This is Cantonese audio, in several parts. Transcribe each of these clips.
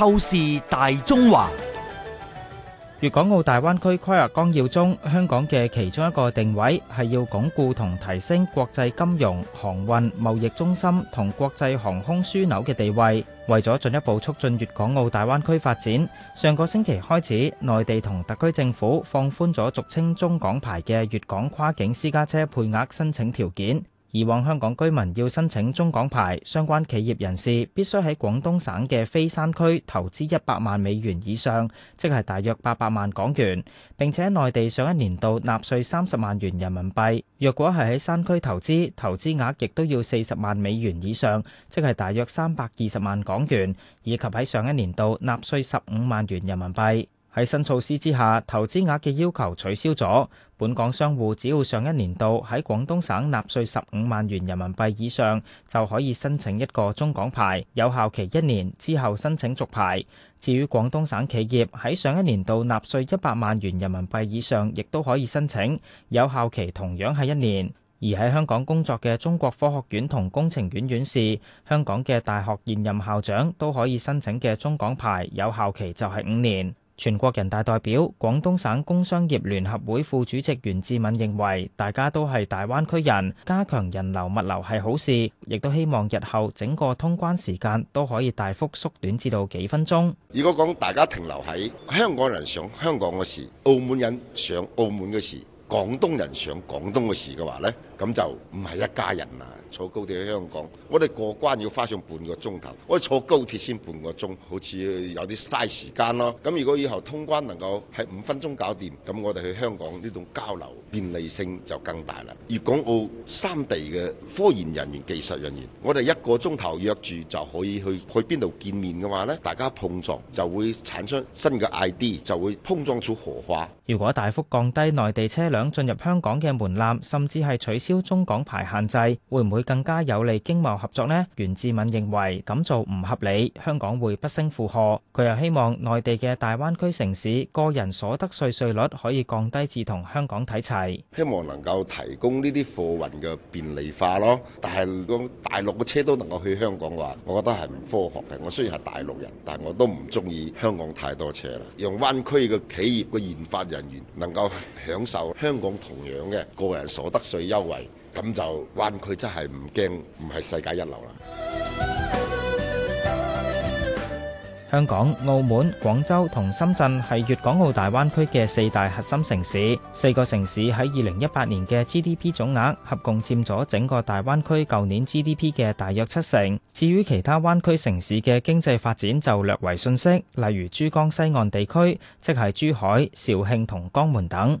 透視大中華，粵港澳大灣區規劃綱要中，香港嘅其中一個定位係要鞏固同提升國際金融、航運、貿易中心同國際航空樞紐嘅地位。為咗進一步促進粵港澳大灣區發展，上個星期開始，內地同特區政府放寬咗俗稱“中港牌”嘅粵港跨境私家車配額申請條件。以往香港居民要申請中港牌，相關企業人士必須喺廣東省嘅非山區投資一百萬美元以上，即係大約八百萬港元；並且喺內地上一年度納稅三十萬元人民幣，若果係喺山區投資，投資額亦都要四十萬美元以上，即係大約三百二十萬港元，以及喺上一年度納稅十五萬元人民幣。喺新措施之下，投資額嘅要求取消咗。本港商戶只要上一年度喺廣東省納稅十五萬元人民幣以上，就可以申請一個中港牌，有效期一年，之後申請續牌。至於廣東省企業喺上一年度納稅一百萬元人民幣以上，亦都可以申請，有效期同樣係一年。而喺香港工作嘅中國科學院同工程院院士、香港嘅大學現任校長都可以申請嘅中港牌，有效期就係五年。全國人大代表、廣東省工商業聯合會副主席袁志敏認為，大家都係大灣區人，加強人流物流係好事，亦都希望日後整個通關時間都可以大幅縮短至到幾分鐘。如果講大家停留喺香港人上香港嘅事，澳門人上澳門嘅事，廣東人上廣東嘅事嘅話呢，咁就唔係一家人啦。坐高鐵去香港，我哋過關要花上半個鐘頭，我哋坐高鐵先半個鐘好似有啲嘥時間咯。咁如果以後通關能夠喺五分鐘搞掂，咁我哋去香港呢種交流便利性就更大啦。粵港澳三地嘅科研人員技術人員，我哋一個鐘頭約住就可以去去邊度見面嘅話咧，大家碰撞就會產生新嘅 idea 就會碰撞出火花。如果大幅降低內地車輛進入香港嘅門檻，甚至係取消中港牌限制，會唔會。會更加有利經貿合作呢？袁志敏認為咁做唔合理，香港會不勝負荷。佢又希望內地嘅大灣區城市個人所得稅稅率可以降低至同香港睇齊。希望能夠提供呢啲貨運嘅便利化咯。但係如果大陸嘅車都能夠去香港嘅話，我覺得係唔科學嘅。我雖然係大陸人，但我都唔中意香港太多車啦。讓灣區嘅企業嘅研發人員能夠享受香港同樣嘅個人所得稅優惠，咁就灣區真係。唔驚，唔係世界一流啦。香港、澳門、廣州同深圳係粵港澳大灣區嘅四大核心城市，四個城市喺二零一八年嘅 GDP 總額合共佔咗整個大灣區舊年 GDP 嘅大約七成。至於其他灣區城市嘅經濟發展就略為遜色，例如珠江西岸地區，即係珠海、肇慶同江門等。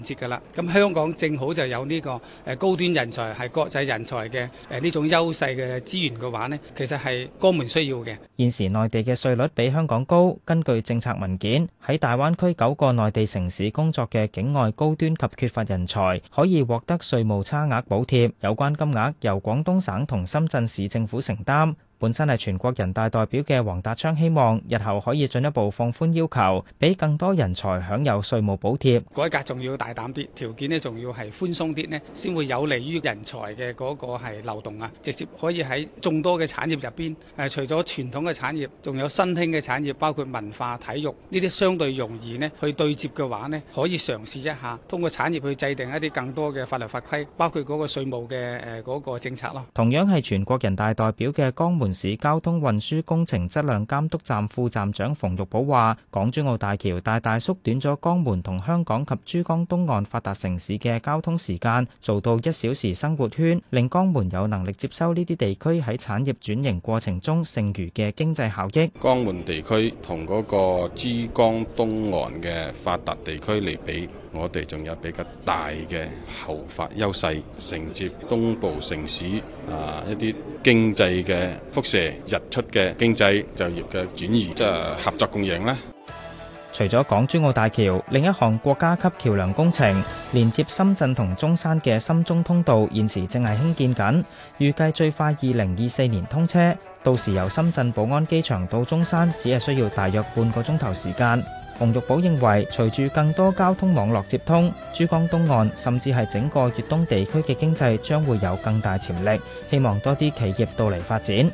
節噶啦，咁香港正好就有呢個誒高端人才係國際人才嘅誒呢種優勢嘅資源嘅話咧，其實係江門需要嘅。現時內地嘅稅率比香港高，根據政策文件，喺大灣區九個內地城市工作嘅境外高端及缺乏人才，可以獲得稅務差額補貼，有關金額由廣東省同深圳市政府承擔。本身係全國人大代表嘅黃達昌希望，日後可以進一步放寬要求，俾更多人才享有稅務補貼。改革仲要大膽啲，條件咧仲要係寬鬆啲咧，先會有利於人才嘅嗰個係流動啊！直接可以喺眾多嘅產業入邊，誒除咗傳統嘅產業，仲有新興嘅產業，包括文化、體育呢啲相對容易咧去對接嘅話咧，可以嘗試一下通過產業去制定一啲更多嘅法律法規，包括嗰個稅務嘅誒嗰個政策咯。同樣係全國人大代表嘅江門。市交通運輸工程質量監督站副站長馮玉寶話，港珠澳大橋大大縮短咗江門同香港及珠江東岸發達城市嘅交通時間，做到一小時生活圈，令江門有能力接收呢啲地區喺產業轉型過程中剩餘嘅經濟效益。江門地區同嗰個珠江東岸嘅發達地區嚟比。我哋仲有比較大嘅後發優勢，承接東部城市啊一啲經濟嘅輻射、日出嘅經濟就業嘅轉移，即係合作共贏啦。除咗港珠澳大橋，另一項國家級橋梁工程連接深圳同中山嘅深中通道，現時正係興建緊，預計最快二零二四年通車。到時由深圳寶安機場到中山，只係需要大約半個鐘頭時間。洪玉寶認為，隨住更多交通網絡接通，珠江東岸甚至係整個粵東地區嘅經濟將會有更大潛力，希望多啲企業到嚟發展。